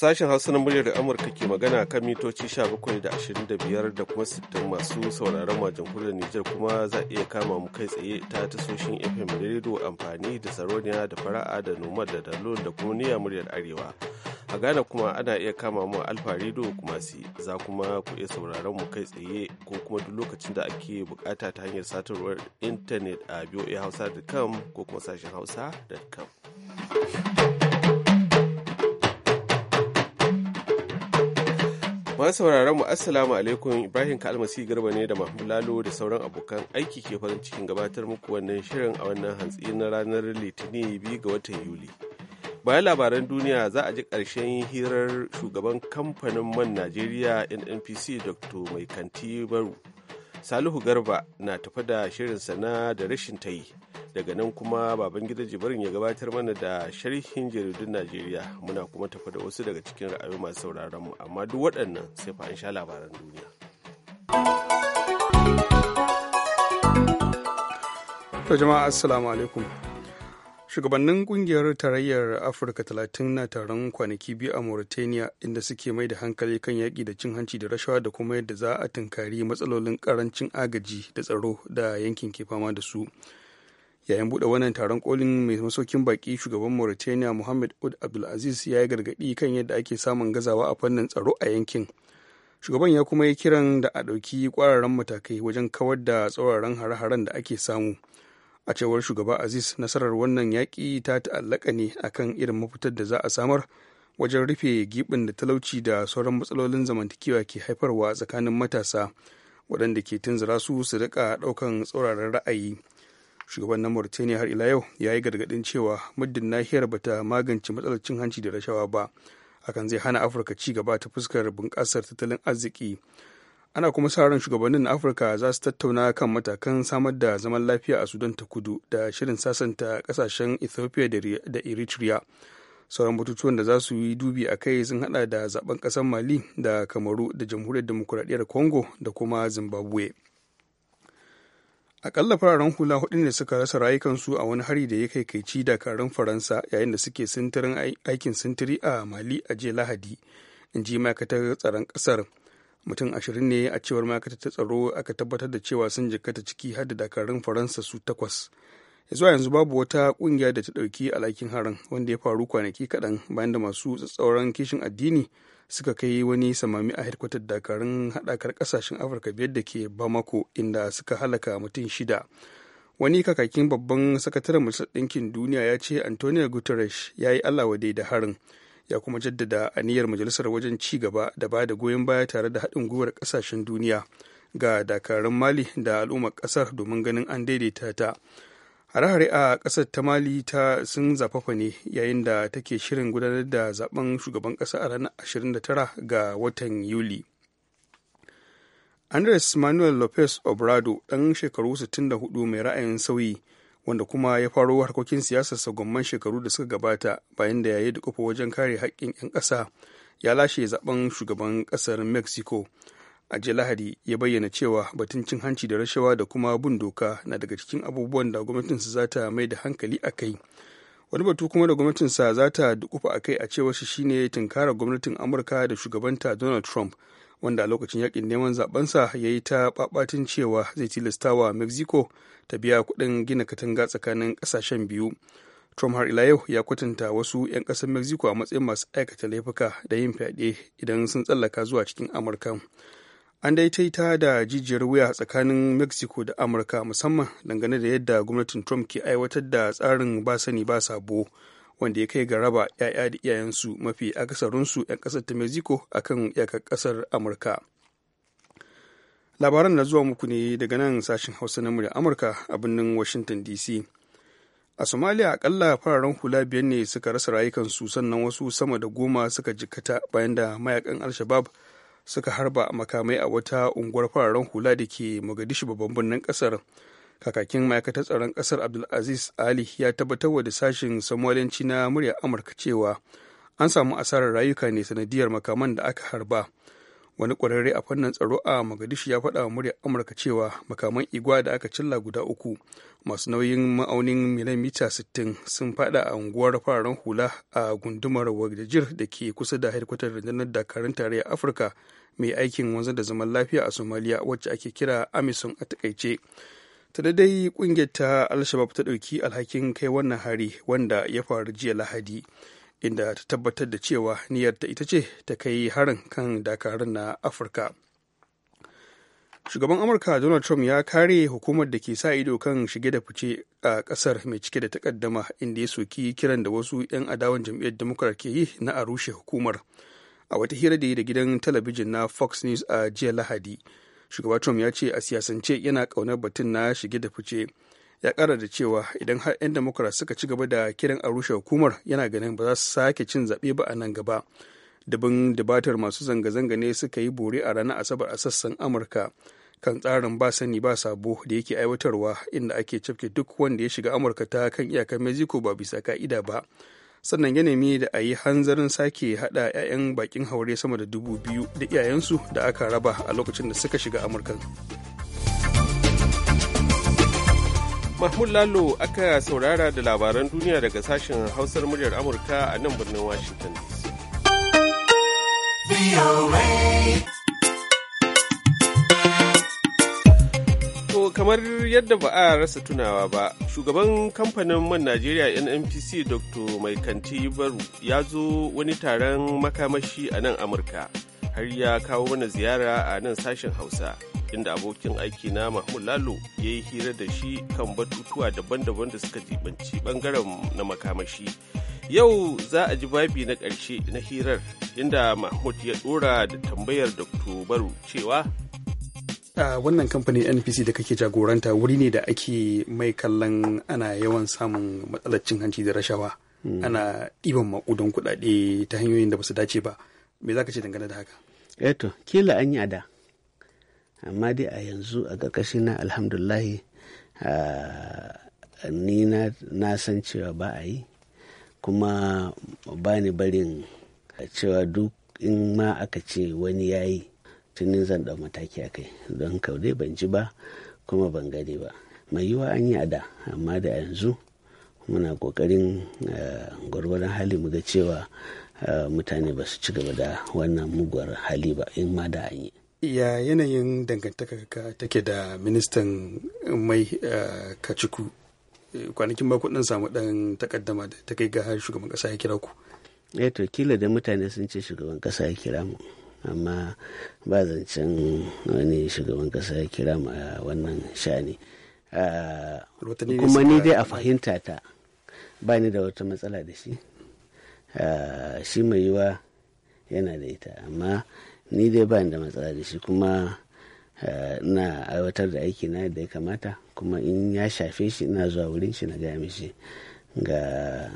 Sashen Hausa na muryar Amurka ke magana kan mitoci 17.25 da da kuma 60 masu sauraron ma jamhuriyar Nijar kuma za iya kama mu kai tsaye ta tasoshin FM rediyo amfani da Saroniya da Fara'a da Noma da Dalo da kuma niyyar muryar Arewa. A Ghana kuma ana iya kama mu Alfa rediyo kuma si za kuma ku iya sauraron mu kai tsaye ko kuma duk lokacin da ake bukata ta hanyar satarwar intanet a voahausa.com ko kuma sashen hausa.com. Masu sauraron mu Assalamu alaikum Ibrahim Kalmasi Garba ne da Mahmud Lalo da sauran abokan aiki ke farin cikin gabatar muku wannan shirin a wannan hantsi na ranar Litinin biyu ga watan Yuli. Bayan labaran duniya za a ji ƙarshen hirar shugaban kamfanin man Najeriya NNPC Dr. Mai Kanti Baru. Salihu Garba na tafi da shirin sana da rashin ta yi. daga nan kuma baban gida jibirin ya gabatar mana da sharhin jaridun najeriya muna kuma tafi da wasu daga cikin ra'ayoyi masu sauraron mu amma duk waɗannan sai fa sha labaran duniya to jama'a assalamu alaikum shugabannin kungiyar tarayyar afirka 30 na taron kwanaki biyu a mauritania inda suke mai da hankali kan yaƙi da cin hanci da rashawa da kuma yadda za a tunkari matsalolin ƙarancin agaji da tsaro da yankin ke fama da su yayin buɗe wannan taron kolin mai masaukin baki shugaban mauritania muhammad ud abdulaziz ya yi gargaɗi kan yadda ake samun gazawa a fannin tsaro a yankin shugaban ya kuma yi kiran da a ɗauki ƙwararren matakai wajen kawar da tsauraran hare-haren da ake samu a cewar shugaba aziz nasarar wannan yaƙi ta ta'allaka ne akan irin mafitar da za a samar wajen rufe giɓin da talauci da sauran matsalolin zamantakewa ke haifarwa tsakanin matasa waɗanda ke tunzura su su rika ɗaukan tsauraran ra'ayi shugaban na mauritania har ila yau ya yi gargadin cewa muddin nahiyar ba ta magance matsalar cin hanci da rashawa ba hakan zai hana afirka ci gaba ta fuskar bunƙasar tattalin arziki ana kuma sa ran shugabannin afirka za su tattauna kan matakan samar da zaman lafiya a sudan ta kudu da shirin sasanta ƙasashen ethiopia da eritrea sauran batutuwan da za su yi dubi a kai sun hada da zaben kasar mali da kamaru da jamhuriyar demokuraɗiyyar congo da kuma zimbabwe akalla fararen hula hudu ne suka rasa rayukansu a wani hari da ya kai kaici dakarun faransa yayin da suke sintirin aikin sintiri a mali a jiya lahadi in ji ma'aikatar tsaron kasar mutum ashirin ne a cewar ma'aikatar ta tsaro aka tabbatar da cewa sun jikkata ciki har da dakarun faransa su takwas zuwa yanzu babu wata kungiya da ta ɗauki alhakin harin wanda ya faru kwanaki kaɗan bayan da masu tsatsauran kishin addini suka kai wani samami a hedkwatar dakarun haɗakar ƙasashen afirka biyar da ke bamako inda suka halaka mutum shida wani kakakin babban sakataren majalisar ɗinkin duniya ya ce antonio guterres ya yi allah wadai da harin ya kuma jaddada aniyar majalisar wajen ci gaba da ba da goyon baya tare da haɗin gwiwar ƙasashen duniya ga dakarun mali da al'ummar ƙasar domin ganin an daidaita ta hare-hare a ƙasar ta mali ta sun zafafa ne yayin da take shirin gudanar da zaben shugaban ƙasa a ranar 29 ga watan yuli andres manuel lopez obrado ɗan shekaru 64 mai ra'ayin sauyi wanda kuma ya faro harkokin siyasarsa gwamman shekaru da suka gabata bayan da yayi da wajen kare haƙƙin 'yan ƙasa ya lashe zaben shugaban ƙasar mexico a jiya lahadi ya bayyana cewa batun cin hanci da rashawa da kuma bin doka na daga cikin abubuwan da gwamnatinsa za ta mai da hankali a kai wani batu kuma da gwamnatinsa za ta dukufa a kai a cewar shi shine tunkarar gwamnatin amurka da shugabanta donald trump wanda a lokacin yakin neman zabensa ya yi ta babatin cewa zai tilastawa mexico ta biya kuɗin gina katanga tsakanin ƙasashen biyu trump har ila yau ya kwatanta wasu 'yan ƙasar mexico a matsayin masu aikata laifuka da yin fyaɗe idan sun tsallaka zuwa cikin amurka an dai ta da jijiyar wuya tsakanin mexico da amurka musamman dangane da yadda gwamnatin trump ke aiwatar da tsarin ba sani ba sabo wanda ya kai ga raba 'ya'ya da iyayensu mafi akasarinsu 'yan kasar ta mexico akan iyakar kasar amurka labaran na zuwa muku ne daga nan sashen hausa na murya amurka a birnin washington dc a somalia akalla fararen hula biyar ne suka rasa rayukansu sannan wasu sama da goma suka jikkata bayan da mayakan al-shabab suka harba makamai a wata unguwar fararen hula da ke mogadishu babban birnin kasar kakakin ma'aikatar tsaron kasar abdulaziz ali ya tabbatar da sashin samuwalenci na muryar amurka cewa an samu asarar rayuka ne sanadiyar makaman da aka harba wani kwararre a fannin tsaro a mogadishu ya faɗa wa muryar amurka cewa makaman igwa da aka cilla guda uku masu nauyin ma'aunin milimita 60 sun faɗa a unguwar fararen hula a gundumar wajajir da ke kusa da hedkwatar rundunar dakarun tarayyar afirka mai aikin wanzar da zaman lafiya a somaliya wacce ake kira amison a takaice ta dai kungiyar ta alshabab ta ɗauki alhakin kai wannan hari wanda ya faru jiya lahadi inda ta tabbatar da cewa niyyarta ita ce ta kai harin kan dakarun na afirka shugaban amurka donald trump ya kare hukumar da ke sa ido kan shige da fice a kasar mai cike da takaddama inda ya soki kiran da wasu 'yan adawan jam'iyyar democrat ke yi na a rushe hukumar a wata hira da yi da gidan talabijin na fox news a jiya lahadi shugaba trump ya ce a siyasance yana kaunar batun na shige da fice ya kara da cewa idan har 'yan demokrat suka ci gaba da kiran a rushe hukumar yana ganin ba za su sake cin zaɓe ba a nan gaba dabin dabatar masu zanga-zanga ne suka yi bore a ranar asabar a sassan amurka kan tsarin ba sani ba sabo da yake aiwatarwa inda ake cafke duk wanda ya shiga amurka ta kan iyakar mexico ba bisa ka'ida ba sannan ya nemi da a yi hanzarin sake hada 'ya'yan bakin haure sama da dubu biyu da iyayensu da aka raba a lokacin da suka shiga amurka Mahmud Lalo aka saurara da labaran duniya daga sashen Hausar muryar Amurka a nan birnin Washington To kamar yadda ba a rasa tunawa ba, shugaban kamfanin man Najeriya NNPC Dr. Mai Kanti Baru ya zo wani taron makamashi a nan Amurka, har ya kawo mana ziyara a nan sashen Hausa. inda abokin aiki na mahmud lalo ya yi hira da shi kan batutuwa daban-daban da suka jibanci bangaren na makamashi yau za a ji babi na ƙarshe na hirar inda mahmud ya ɗora da tambayar Dokto baru cewa a wannan kamfanin npc da kake jagoranta wuri ne da ake mai kallon ana yawan samun matsalar cin hanci da rashawa hmm. ana ɗiban maƙudan kuɗaɗe ta hanyoyin da ba su dace ba me za ka ce dangane da haka eto eh kila an yi ada amma dai a yanzu a ƙarƙashi na alhamdulahi ni na san cewa ba a yi kuma ba ni barin cewa duk in ma aka ce wani ya yi tunin zan ɗau mataki a kai don dai ban ji ba kuma ban gani ba mai yiwa an yi a da amma da yanzu muna ƙoƙarin gwargwaron hali mu ga cewa mutane ba su ci gaba da wannan muguwar hali ba in ma da an yi ya yanayin dangantaka take da ministan mai eh, kaciku eh, kwanakin ba kudin samu dan takaddama da ta kai ga har shugaban kasa ya kira ku eh to kila da mutane sun ce shugaban kasa ya kira mu amma ba zancen wani shugaban kasa ya kira mu a wannan sha'ani ah, kuma ni dai a fahimta ta ba ni da wata matsala da shi ah, shi mai yiwa yana da ita amma ni dai bayan da matsala da shi kuma eh, na aiwatar da aiki na yadda ya kamata kuma in ya shafe shi ina zuwa wurin shi na gaya mishi ga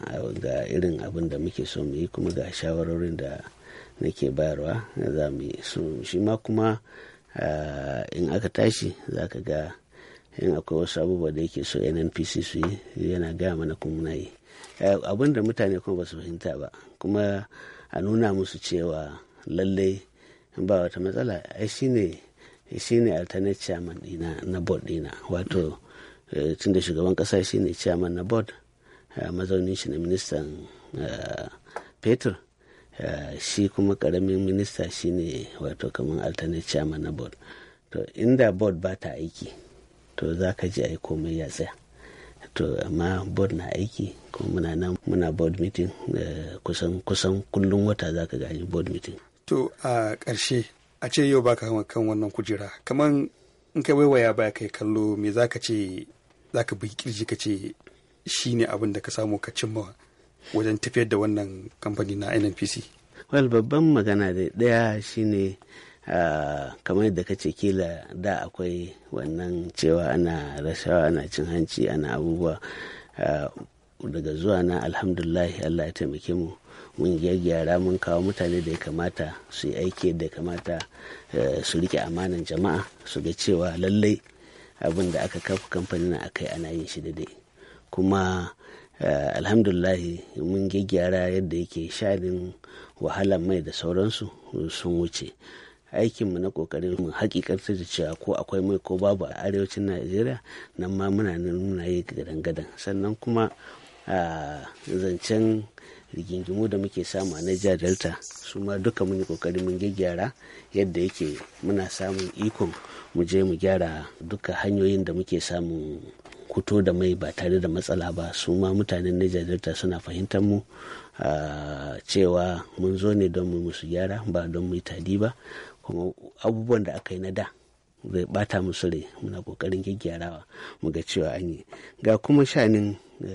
irin abin da muke so mu yi kuma ga shawarorin da nake bayarwa za mu yi So, shi ma kuma eh, in aka tashi za ka ga in akwai wasu abubuwa da yake so nnpc su yi yana gaya mana kuma muna yi eh, abin da mutane kuma ba su fahimta ba kuma a nuna musu cewa lallai ba wata matsala ai shine shine alternate chairman dina na board dina wato eh, tun da shugaban kasa shine chairman na board eh, mazaunin shi na ministan petro eh, shi kuma karamin minista shine wato kamar alternate chairman na board to inda board ba ta aiki to za ka ji ai komai ya tsaya to amma board na aiki kuma muna nan muna board meeting kusan kullum wata za ka gani board meeting to a ƙarshe a ce yau baka kan wannan kujera kamar in ka waiwaya ba kai kallo me ka ce ka bi kirji ka ce shi ne abin da ka samu ka cimma wajen tafiyar da wannan kamfani na nnpc wal babban magana da ɗaya shine kamar da kace kila da akwai wannan cewa ana rashawa ana cin hanci ana abubuwa daga zuwa na alhamdulahi allah ya taimake mu mun gyaggyara mun kawo mutane da ya kamata su yi aiki da ya kamata eh, su rike amanan jama'a su ga cewa lallai abin da aka kafa kamfanin a kai ana yin shi daidai kuma eh, alhamdulahi mun gyaggyara yadda yake shanin wahalar mai da sauransu sun wuce aikinmu na kokarin mu hakikarta da cewa ko akwai mai ko babu a arewacin najeriya nan ma muna nuna yi gadan-gadan sannan kuma a ah, zancen rigingimu da muke samu a Niger Delta su ma duka mun yi kokari mun gyara yadda yake muna samun ikon mu je mu gyara duka hanyoyin da muke samun kuto da mai ba tare da matsala ba su ma mutanen Niger Delta suna fahimtar mu cewa mun zo ne don mu musu gyara ba don mu yi ba kuma abubuwan da aka yi na da zai bata musu rai muna kokarin gyaggyarawa mu ga cewa an yi ga kuma shanin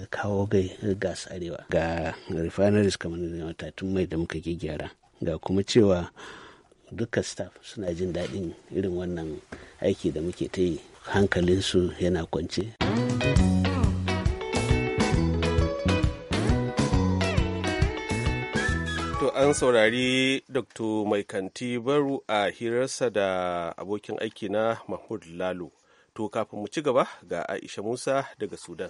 kawo gai gas arewa ga refineries kamar matatun mai da muka gyara ga kuma cewa duka staff suna jin daɗin irin wannan aiki da muke ta yi hankalinsu yana kwance. To an saurari Dr. Mai Kanti Baru a hirarsa da abokin aiki na Mahmud Lalo. To kafin mu ci gaba ga Aisha Musa daga Sudan.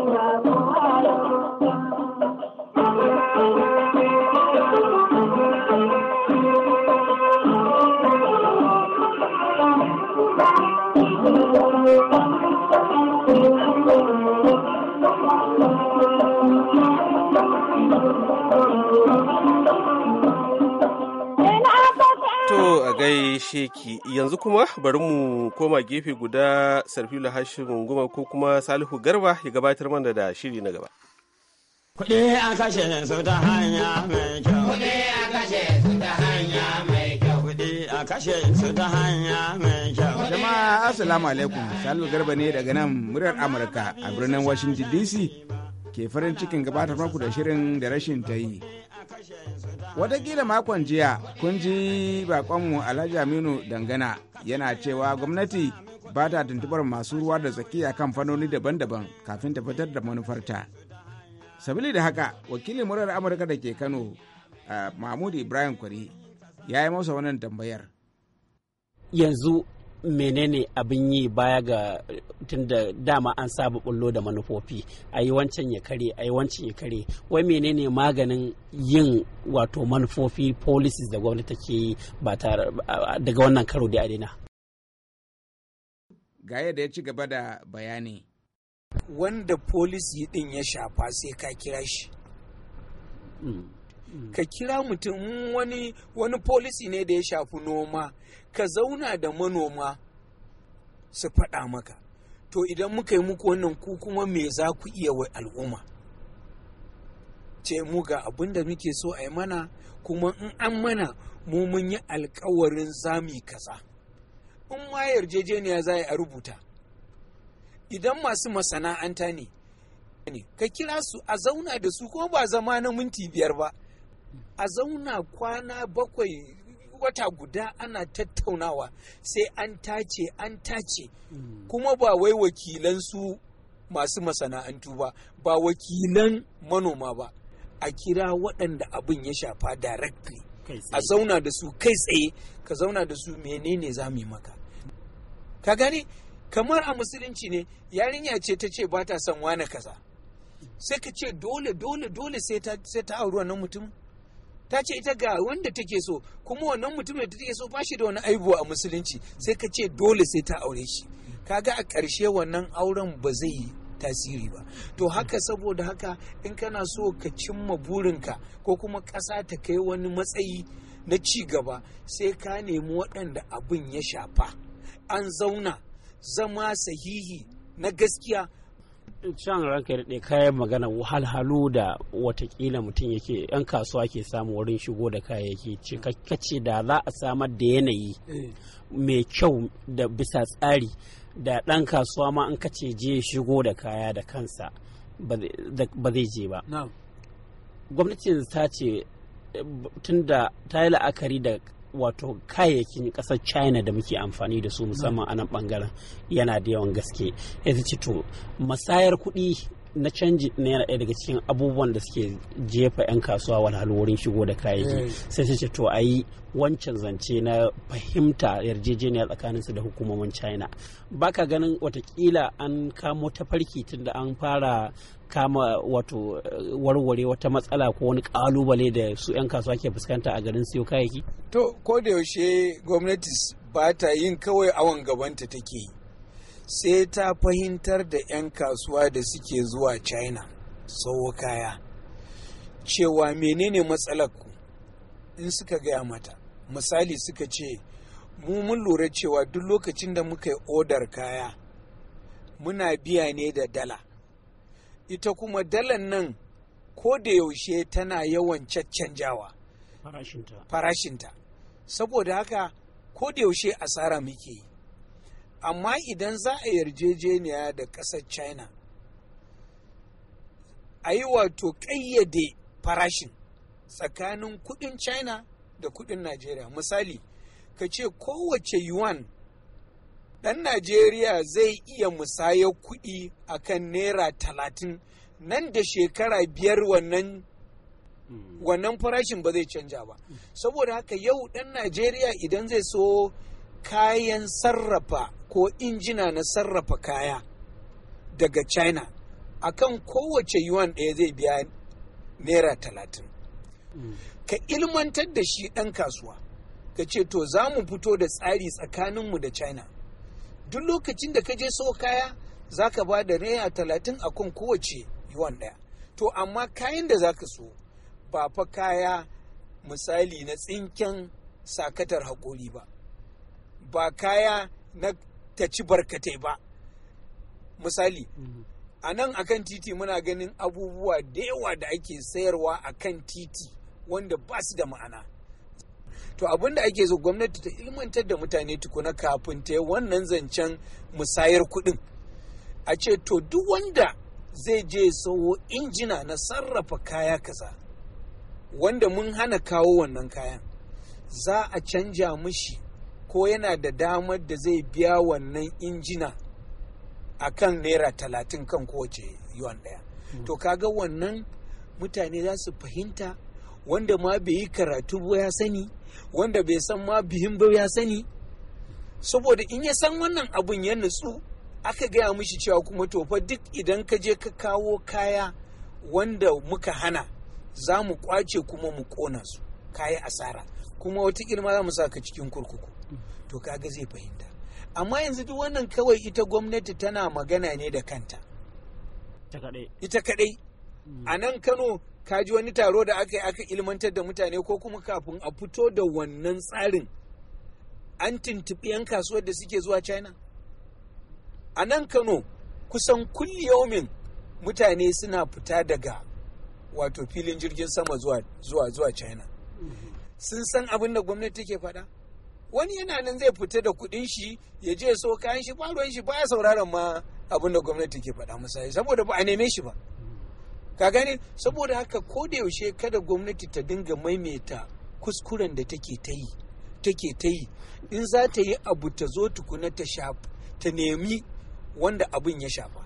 Gracias. yanzu kuma bari mu koma gefe guda sarfila hashin goma ko kuma salihu garba ya gabatar mana da shiri na gaba kuɗi a kashe su ta hanya mai kyau kuɗi a kashe su ta hanya mai kyau kuɗi a kashe su ta hanya mai kyau jama'a assalamu alaikum salihu garba ne daga nan muryar amurka a birnin washington dc ke farin cikin gabatar maku da shirin da rashin ta yi Wataƙila makon jiya kun ji baƙonmu Alhaji Aminu Dangana yana cewa gwamnati ba ta tuntubar masu ruwa da tsakiya kan fannoni daban-daban kafin ta fitar da manufarta. Sabili da haka wakilin murar Amurka da ke Kano eh, Mahmud Ibrahim Kwari ya yi masa wannan tambayar. Yanzu menene abin yi baya ga tunda dama an saba bullo da manufofi a yi wancan ya kare a yi wancan ya kare wai menene maganin yin wato manufofi policies da gwamnati take yi ba daga wannan karo da adina ga yadda ya ci gaba da bayani wanda policy din ya shafa sai ka kira shi hmm. ka kira mutum wani wani policy ne da ya shafi noma ka zauna da manoma su faɗa maka to idan muka yi muku wannan ku kuma me za ku iya wa al'umma ce mu ga abin da muke so a yi mana kuma in an mana mu mun yi alkawarin zami kasa. in ma yarjejeniya za a rubuta idan masu masana'anta ne ka kira su a zauna da su kuma ba zama na minti biyar ba a zauna kwana bakwai wata guda ana tattaunawa sai an tace an tace hmm. kuma ba wai wakilansu masu masana'antu ba ba wakilan manoma ba a kira waɗanda abin ya shafa directly a zauna da su kai tsaye ka zauna da su menene za mu yi maka ka gani kamar a musulunci ne yarinya ce ta ce ba ta son wane kaza sai ka ce dole dole dole sai ta auri wannan mutum ta ce ita ga wanda take so kuma wannan mutumin da take so ba da wani aibu a musulunci sai ka ce dole sai ta aure shi kaga a ƙarshe wannan auren ba zai yi tasiri ba to haka saboda haka in kana so ka cimma burinka ko kuma ƙasa ta kai wani matsayi na ci gaba sai ka nemi waɗanda abin ya shafa an zauna zama sahihi na gaskiya can ranka da kayan magana wahalhalu da watakila mutum yake yan kasuwa ke samu wurin shigo da kayayyaki ce da za a samar da yanayi mai kyau da bisa tsari da ɗan kasuwa ma an kace je shigo da kaya da kansa ba zai je ba gwamnatin ta ce tun da ta yi la'akari da wato kayayyakin kasar china da muke amfani da su musamman anan nan bangaren yana da yawan gaske ya to masayar kuɗi na canji na yana ɗaya daga cikin abubuwan da suke jefa 'yan kasuwa walhalu wurin shigo da kayayyaki sai sai ce to a yi wancan zance na fahimta yarjejeniya tsakanin su da hukumomin china baka ganin watakila an kamo tafarki tunda an fara kama wato warware wata matsala ko wani kalubale da su 'yan kasuwa ke fuskanta a garin siyo kayayyaki? To, ko da yaushe gwamnati ba ta yin kawai awon gabanta take yi, sai ta fahimtar da 'yan kasuwa da suke zuwa China sauwa kaya, cewa menene matsalar ku in suka gaya mata. Misali suka ce, mu mun lura cewa duk lokacin da muka yi odar kaya, muna biya ne da dala. ita kuma dalan nan ko da yaushe tana yawan caccanjawa farashinta saboda haka ko da yaushe asara muke yi amma idan za a yarjejeniya da ƙasar china a yi wato ƙayyade farashin tsakanin kuɗin china da kuɗin najeriya misali ka ce kowace yuan ɗan najeriya zai iya musaya kuɗi akan naira talatin nan da shekara biyar wannan hmm. wannan farashin ba zai canja ba saboda haka yau ɗan najeriya idan zai so kayan sarrafa ko injina na sarrafa kaya daga china akan kowace yuwan ɗaya zai biya naira talatin hmm. ka ilmantar da shi ɗan kasuwa ka ce to za mu fito da tsari tsakaninmu da china duk lokacin da ka je so kaya za ka ba da naira talatin a kan kowace yuwan ɗaya to amma kayan da za ka so ba fa kaya misali na tsinken sakatar haƙori ba ba kaya na ta ci barkatai ba misali mhm. a nan akan titi muna ganin abubuwa da yawa da ake sayarwa akan titi wanda ba su da ma'ana to abinda ake so gwamnati ta ilmantar da mutane tukuna kafin ta yi wannan zancen musayar kuɗin a ce to duk wanda zai je sawo injina na sarrafa kaya kaza wanda mun hana kawo wannan kayan za a canja mishi ko yana da damar da zai biya wannan injina a kan naira talatin kan kowace yuwan ɗaya hmm. to kaga wannan mutane za su fahimta wanda ma bai yi karatu ba ya sani wanda bai san ma bihin ba ya sani saboda in ya san wannan abun ya nutsu aka gaya mishi cewa kuma tofa duk idan ka je ka kawo kaya wanda muka hana za mu kwace kuma mu kona su kaya asara kuma wata girma za mu sa ka cikin kurkuku to kaga zai fahimta amma yanzu duk wannan kawai ita gwamnati tana magana ne da kanta ita kadai a nan kano ka ji wani taro da aka yi aka ilmantar da mutane ko kuma kafin a fito da wannan tsarin an tuntuɓi 'yan kasuwar da suke zuwa china a nan kano kusan kulliyomin mutane suna fita daga wato filin jirgin sama zuwa zuwa zuwa china sun san abin da gwamnati take faɗa wani yana nan zai fita da kuɗin shi ya je so kayan shi faruwan shi baya sauraron ma abin da gwamnati ke faɗa misali saboda ba a neme shi ba ka gani saboda haka ko da yaushe kada gwamnati ta dinga maimaita kuskuren da take ta yi take ta yi in za ta yi abu ta zo tukuna ta shafa ta nemi wanda abin ya shafa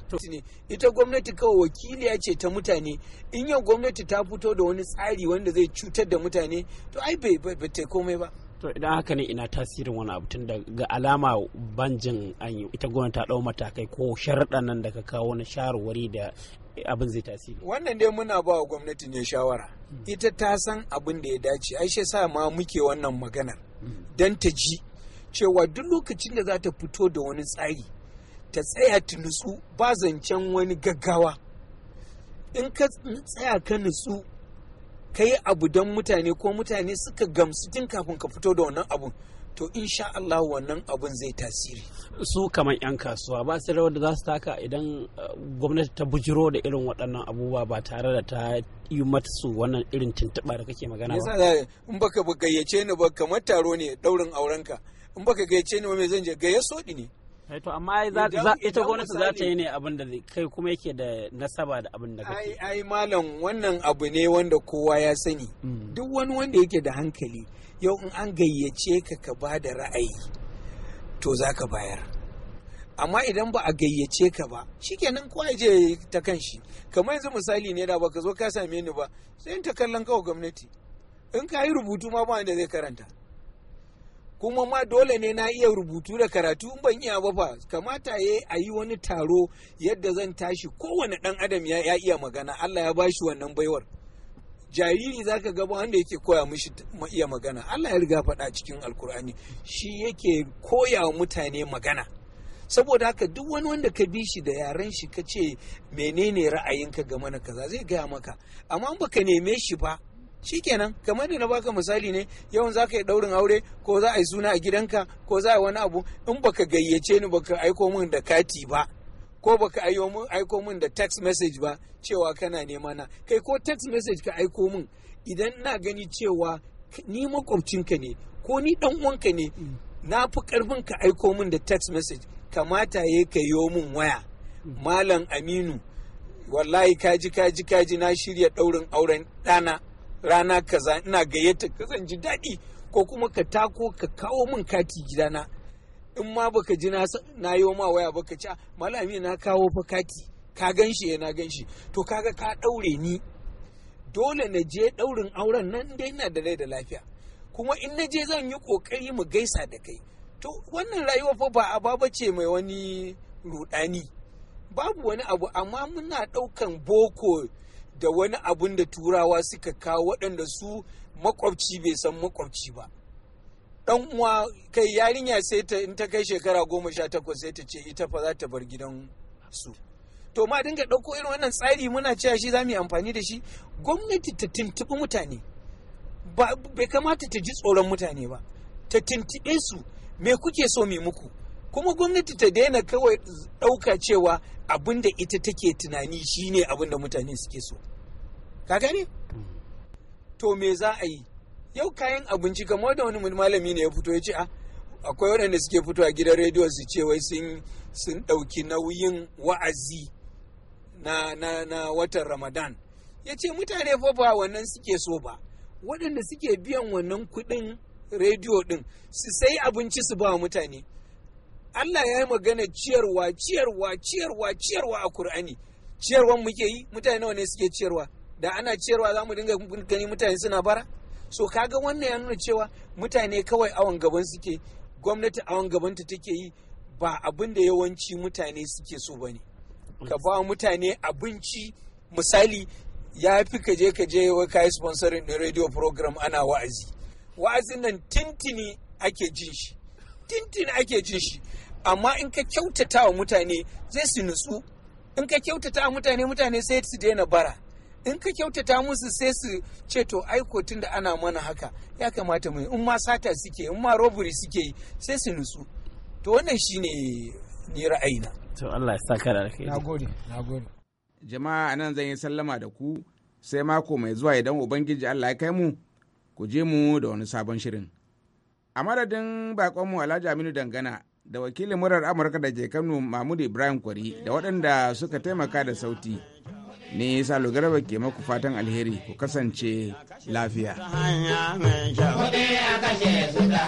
ita gwamnati kawai wakiliya ce ta mutane in yau gwamnati ta fito da wani tsari wanda zai cutar da mutane to ai bai ta komai ba to idan haka ne ina tasirin wani abu tun daga alama banjin an yi ita gwamnati ta dau matakai ko sharaɗa nan da ka kawo na shawarwari da abin zai tasiri wannan dai muna ba wa gwamnati ne shawara hmm. ita ta san abin da ya dace ai sa ma muke wannan maganar hmm. dan ta ji cewa duk lokacin da za ta fito da wani tsari ta tsaya ta nutsu ba zancen wani gaggawa in ka tsaya ka nutsu ka yi abu don mutane ko mutane suka gamsu tun kafin ka fito da wannan abun to in sha Allah wannan abun zai tasiri su kamar 'yan kasuwa ba su rawar da za su taka idan uh, gwamnati ta bujiro da irin waɗannan abubuwa ba tare da ta yi su wannan irin tuntuɓa da kake magana ba in baka gayyace ni ba kamar taro ne ɗaurin aurenka in baka gayyace ni ba mai zan je gayyaso ne Eh, to amma ita gwamnati za ta yi ne abin da kai kuma yake da nasaba da abin da kake ai malam wannan abu ne wanda kowa ya sani hmm. duk wani wanda yake da hankali yau in an gayyace ka ka ba da ra'ayi to za ka bayar amma idan ba a gayyace ka ba shikenan kowa je ta kan shi kamar yanzu misali ne da baka zo ka same ni ba sai in ta kallon kawai gwamnati in ka yi rubutu ma ba wanda zai karanta kuma ma dole ne na iya rubutu da karatu in ban iya ba fa kamata ya a yi wani taro yadda zan tashi kowane ɗan adam ya iya magana Allah ya bashi wannan baiwar jariri za zaka ga wanda yake koya mishi iya magana Allah ya riga faɗa cikin alkur'ani shi yake koya wa mutane magana saboda haka duk wani wanda ka bi shi da yaren shi ka ce menene ra'ayinka game da kaza zai gaya maka amma baka neme shi ba shikenan kamar da na baka misali ne yawan za ka yi daurin aure ko za a yi suna a gidanka ko za a yi wani abu in baka gayyace ni baka aiko min da kati ba ko baka aiko min da text message ba cewa kana nema na kai ko text message ka aiko min idan na gani cewa ni makwabcinka ne ko ni dan uwanka ne mm. na fi karfin ka aiko min da text message kamata ya ka yo min waya mm. malam aminu wallahi kaji kaji kaji na shirya daurin auren dana. rana kaza ina gayyata ka zan ji daɗi ko kuma ka tako ka kawo min kati gidana in ma baka ji na yi ma waya baka ci malami na kawo fa kati ka gan shi eh, na gan shi to kaga ka ɗaure ni dole na je ɗaurin auren nan dai ina da rai da lafiya kuma in na je zan yi ƙoƙari mu gaisa da kai to wannan rayuwa fa ba a baba ce mai wani ruɗani babu wani abu amma muna ɗaukan boko da wani abun da turawa suka kawo waɗanda su makwabci bai san makwabci ba ɗan uwa kai yarinya sai ta in ta kai shekara goma sha takwas sai ta ce ita fa za ta bar gidan su to ma dinga ɗauko irin wannan tsari muna cewa shi za mu yi amfani da shi gwamnati ta tuntuɓi mutane bai kamata ta ji tsoron mutane ba ta tuntuɓe su me kuke so mu muku kuma gwamnati ta daina kawai ɗauka cewa abin da ita take tunani shine abin da mutane suke so ka gane to me za a yi yau kayan abinci kamar da wani malami ne ya fito ya ce a ah, akwai waɗanda suke fito a gidan rediyo su ce wai sun ɗauki nauyin wa'azi na, na, na watan ramadan ya ce mutane fa ba wannan suke so ba waɗanda suke biyan wannan kuɗin rediyo ɗin su sai abinci su ba mutane Allah ya yi magana ciyarwa ciyarwa ciyarwa ciyarwa a Kur'ani ciyarwan muke yi mutane nawa ne suke ciyarwa da ana ciyarwa za mu dinga gani mutane suna bara so kaga wannan ya nuna cewa mutane kawai awan gaban suke gwamnati awon gabanta take yi ba abin da yawanci mutane suke so bane ka ba mutane abinci misali ya fi ka je ka je wai kai sponsorin din radio program ana wa'azi wa'azin nan tintini ake jin shi tintini ake jin shi amma in ka kyautata wa mutane zai su nutsu in ka kyautata wa mutane mutane sai su daina bara in ka kyautata musu sai su ce to ai kotun da ana mana haka ya kamata mu in ma sata suke in ma robbery suke yi sai su nutsu to wannan shine ni ra'ayina to Allah ya saka da alheri nagode nagode jama'a anan zan yi sallama da ku sai mako mai zuwa idan ubangiji Allah ya kai mu ku je mu da wani sabon shirin a madadin bakonmu Alhaji Aminu Dangana da wakilin murar amurka da ke kano mahmud ibrahim kwari da waɗanda suka taimaka da sauti ne salo garba ke maku fatan alheri ku kasance lafiya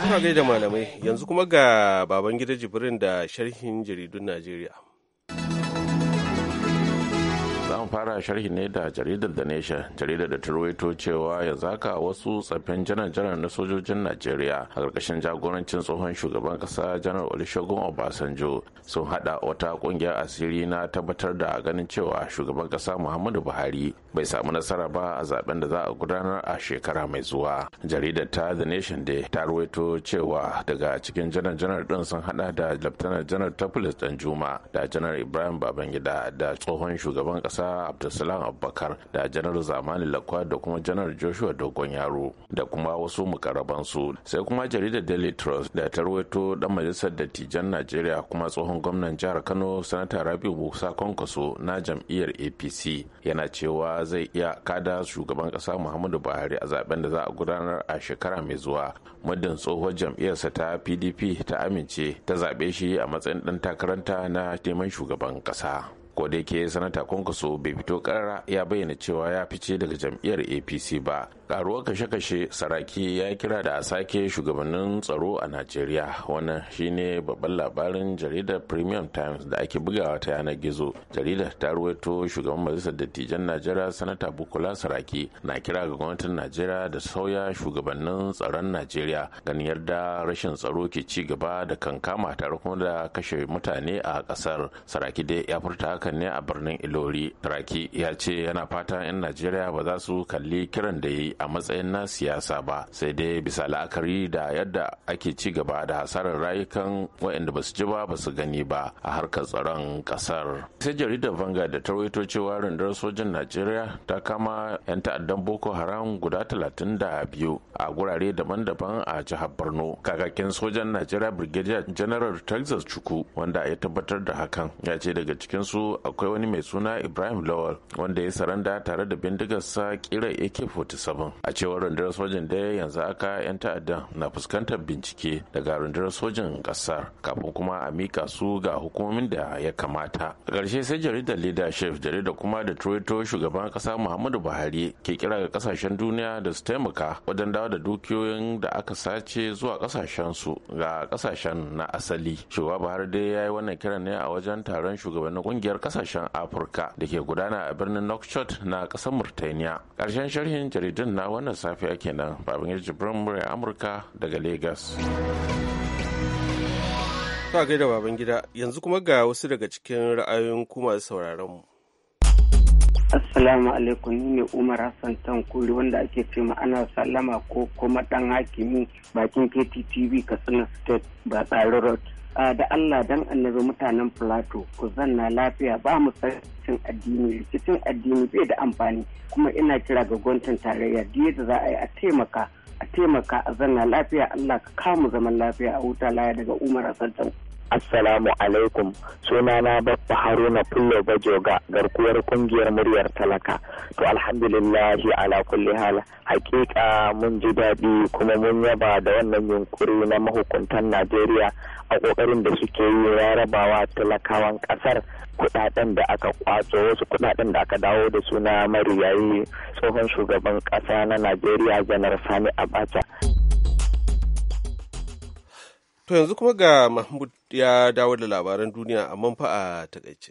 kuna da malamai yanzu kuma ga baban gida jibrin da sharhin jaridun najeriya fara sharhi ne da jaridar da nesha jaridar da ta ruwaito cewa ya zaka wasu tsaffin janar-janar na sojojin najeriya a karkashin jagorancin tsohon shugaban ƙasa janar olusegun obasanjo sun hada wata ƙungiyar asiri na tabbatar da ganin cewa shugaban ƙasa muhammadu buhari bai samu nasara ba a zaben da za a gudanar a shekara mai zuwa jaridar ta the nation day ta ruwaito cewa daga cikin janar-janar din sun hada da laftanar janar tapulis danjuma da janar ibrahim babangida da tsohon shugaban kasa. abdulsalam abubakar da janar zamani lakwa da kuma janar joshua dogon yaro da kuma wasu mukarabansu sai kuma jaridar daily trust da ta rawaito dan majalisar dattijan najeriya kuma tsohon gwamnan jihar kano sanata rabiu musa kwankwaso na jam'iyyar apc yana cewa zai iya kada shugaban kasa muhammadu buhari a zaben da za a gudanar a shekara mai zuwa muddin tsohon jam'iyyarsa ta pdp ta amince ta zaɓe shi a matsayin ɗan takaranta na neman shugaban ƙasa. ko da yake sanata kwankwaso bai fito karara ya bayyana cewa ya fice daga jam'iyyar apc ba karuwar kashe-kashe saraki ya kira da a sake shugabannin tsaro a najeriya wannan shine babban labarin jaridar premium times da ake bugawa ta yanar gizo jaridar ta ruwaito shugaban majalisar dattijan najeriya sanata bukola saraki na kira ga gwamnatin najeriya da sauya shugabannin tsaron najeriya ganin yarda rashin tsaro ke ci gaba da kankama tare kuma da kashe mutane a kasar saraki dai ya furta hakan ne a birnin ilori saraki ya ce yana fatan 'yan najeriya ba za su kalli kiran da ya yi a matsayin na siyasa ba sai dai bisa la'akari da yadda ake ci gaba da hasarar rayukan waɗanda ba su ji ba ba su gani ba a harkar tsaron ƙasar sai jaridar vanga da ta rawaito cewa rundunar sojan najeriya ta kama 'yan ta'addan boko haram guda talatin da biyu a gurare daban-daban a jihar borno kakakin sojan najeriya brigadier general texas chuku wanda ya tabbatar da hakan ya ce daga cikin su akwai wani mai suna ibrahim lawal wanda ya saranda tare da bindigarsa kira ak-47 a cewar rundunar sojan da yanzu aka 'yan ta'adda na fuskantar bincike daga rundunar sojan kasar kafin kuma a mika su ga hukumomin da ya kamata a ƙarshe sai jaridar leadership jaridar kuma da troito shugaban kasa muhammadu buhari ke kira ga kasashen duniya da su taimaka wajen dawo da dukiyoyin da aka sace zuwa kasashen su ga kasashen na asali shugaba buhari dai ya yi wannan kiran ne a wajen taron shugabannin kungiyar kasashen afirka da ke gudana a birnin nokshot na kasar murtaniya ƙarshen sharhin jaridun na wannan safiya kenan babin yaji birnin amurka daga lagos ta gaida baban gida yanzu kuma ga wasu daga cikin ra'ayoyin kuma sauraron mu assalamu alaikum ni ne umar hassan tankuri wanda ake ce ana sallama ko kuma dan hakimi bakin kttv katsina state ba tsari road da Allah dan annabi mutanen Plateau ku zanna lafiya ba mu cin addini rikicin addini bai da amfani kuma ina kira ga gwamnatin tarayya da za a yi a taimaka a taimaka a zanna lafiya Allah ka kamu zaman lafiya a wuta laya daga Umar Asantau. Assalamu alaikum sunana Baffa Haruna Fullo Bajoga garkuwar kungiyar muryar talaka. To alhamdulillahi ala kulli hal hakika mun ji daɗi kuma mun yaba da wannan yunkuri na mahukuntan Najeriya a ƙoƙarin da suke yi ya rabawa talakawan ƙasar kuɗaɗen da aka kwaso wasu kuɗaɗen da aka dawo da suna mariyayi tsohon shugaban ƙasa na Najeriya janar Sani Abacha To yanzu kuma ga Mahmud ya dawo da labaran duniya amma manfa a takaice.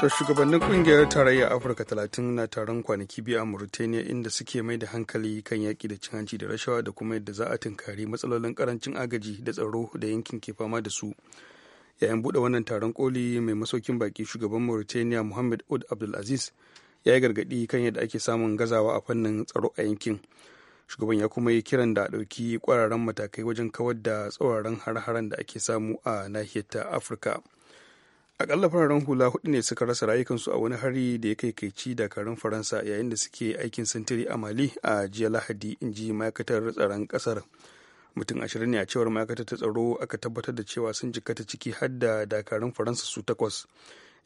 To shugabannin kungiyar tarayyar Afirka talatin na taron kwanaki biyu a Mauritania inda suke mai da hankali kan yaƙi da cin hanci da rashawa da kuma yadda za a tunkari matsalolin karancin agaji da tsaro da yankin ke fama da su. Yayin buɗe wannan taron koli mai masaukin baki shugaban Mauritania Muhammad Oud Abdulaziz ya yi gargaɗi kan yadda ake samun gazawa a fannin tsaro a yankin. shugaban ya kuma yi kiran da a ɗauki ƙwararren matakai wajen kawar da tsauraran har haran da ake samu a nahiyar ta afirka akalla fararen hula hudu ne suka rasa rayukansu a wani hari da ya kai kaici dakarun faransa yayin da suke aikin sintiri a mali a jiya lahadi in ji ma'aikatar tsaron kasar mutum ashirin ne a cewar ma'aikatar ta tsaro aka tabbatar da cewa sun jikkata ciki har da dakarun faransa su takwas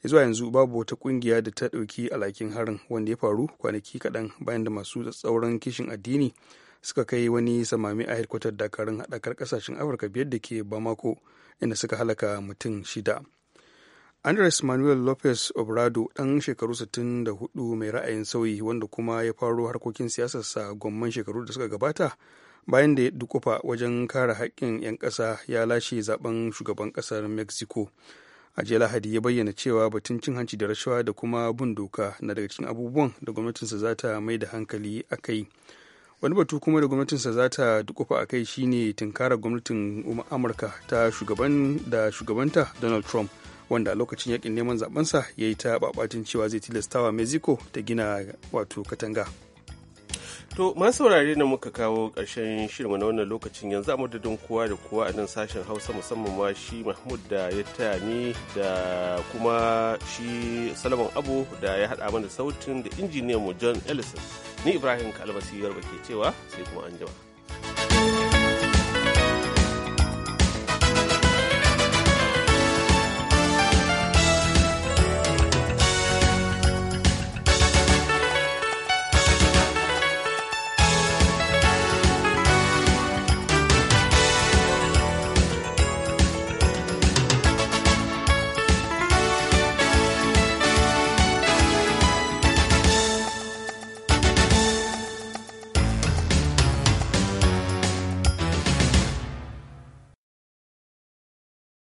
zuwa yanzu babu wata kungiya da ta ɗauki alhakin harin wanda ya faru kwanaki kaɗan bayan da masu tsauran kishin addini suka kai wani samami a hirkwatar dakarun haɗakar ƙasashen afirka biyar da ke bamako inda suka halaka mutum shida andres manuel lopez obrado ɗan shekaru 64 mai ra'ayin sauyi wanda kuma ya faro harkokin siyasarsa gwamman shekaru da suka gabata bayan da ya dukufa wajen kare haƙƙin 'yan ƙasa ya lashe zaben shugaban ƙasar mexico a jiya lahadi ya bayyana cewa batun cin hanci da rashawa da kuma bin doka na daga cikin abubuwan da gwamnatinsa za ta mai da hankali a kai wani batu kuma da gwamnatinsa za ta dukufa a kai shine tunkarar gwamnatin amurka ta shugaban da shugabanta donald trump wanda a lokacin yakin neman zabensa ya yi ta babatin cewa zai tilastawa mexico ta gina wato katanga To, man saurare da muka kawo karshen shirin na wannan lokacin yanzu a madadin kowa da kowa a nan sashen Hausa musamman ma shi Mahmud da ya taya ni da kuma shi Salaman Abu da ya haɗa mana sautin da injiniyan mu John Ellison. Ni Ibrahim Kalmasi Yarba ke cewa sai kuma an jima.